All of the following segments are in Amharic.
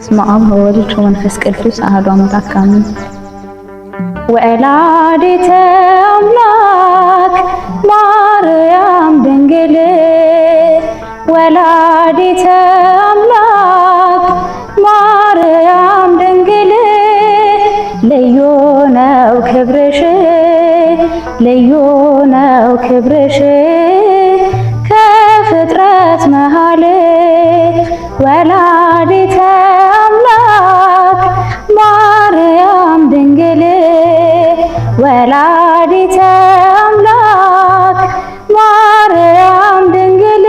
እስመ አብ ወወልድ ወመንፈስ ቅዱስ አሐዱ አምላክ አሜን። ወላዲተ አምላክ ማርያም ድንግል ወላዲተ አምላክ ማርያም ድንግል ልዩ ነው ክብርሽ ልዩ ነው ክብርሽ ወላዲተ አምላክ ማርያም ድንግል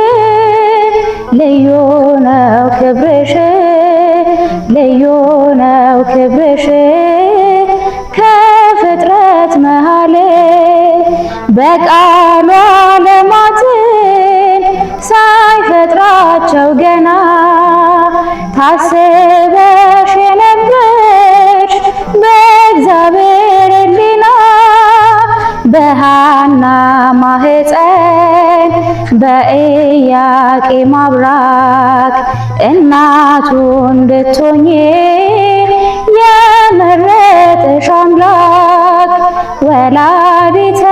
ልዩ ነው ክብርሽ ልዩ ነው ክብርሽ ከፍጥረት መሃል በቃሉ ዓለማትን ሳይፈጥራቸው ገና ታስበሽ የነበርሽ በእግዚአብሔር በሐና ማህፀን በኢያቄም አብራክ እናቱ እንድትሆኚ የመረጠሽ አምላክ ወላዲተ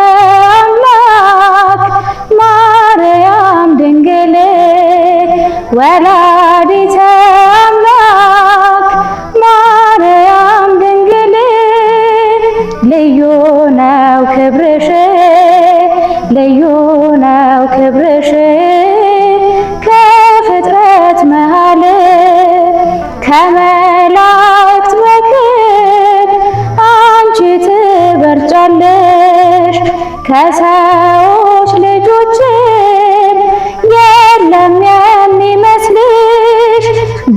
አምላክ ማርያም ድንግል ወላ ነው ክብርሽ ከፍጥረት መሃል ከመላእክት መክር አንቺ ትበርጫለሽ ከሰዎች ልጆችን የለም የሚመስልሽ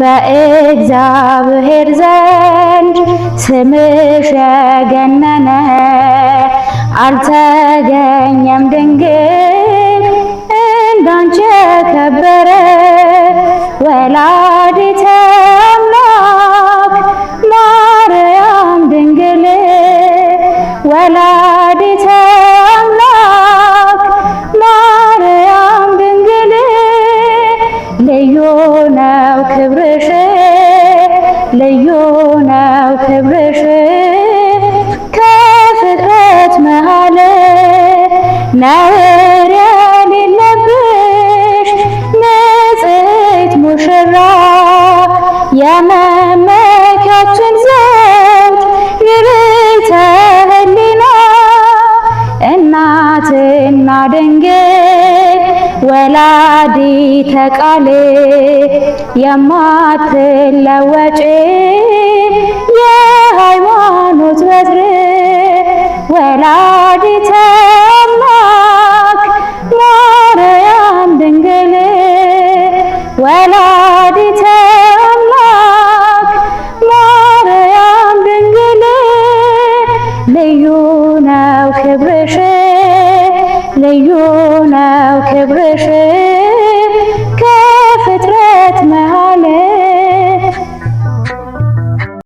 በእግዚአብሔር ዘንድ ስምሽ የገነነ አልተገኘም ድንግል እንዳንቺ ከበረ ወላዲተ አምላክ ማርያም ድንግል ወላዲተ አምላክ ማርያም ድንግል ልዩ ነው ክብርሽ ልዩ ነው ክብርሽ ነውር የሌለብሽ ንጽሕት ሙሽራ የመመኪያችን ዘውድ ይርዕተ ሕሊና እናትና ድንግል ወላዲተ ቃል የማትለወጪ የሃይማኖት በትር ወላዲተ ወላዲተ አምላክ ማርያም ድንግል ልዩ ነው ክብርሽ ልዩ ነው ክብርሽ ከፍጥረት መሃል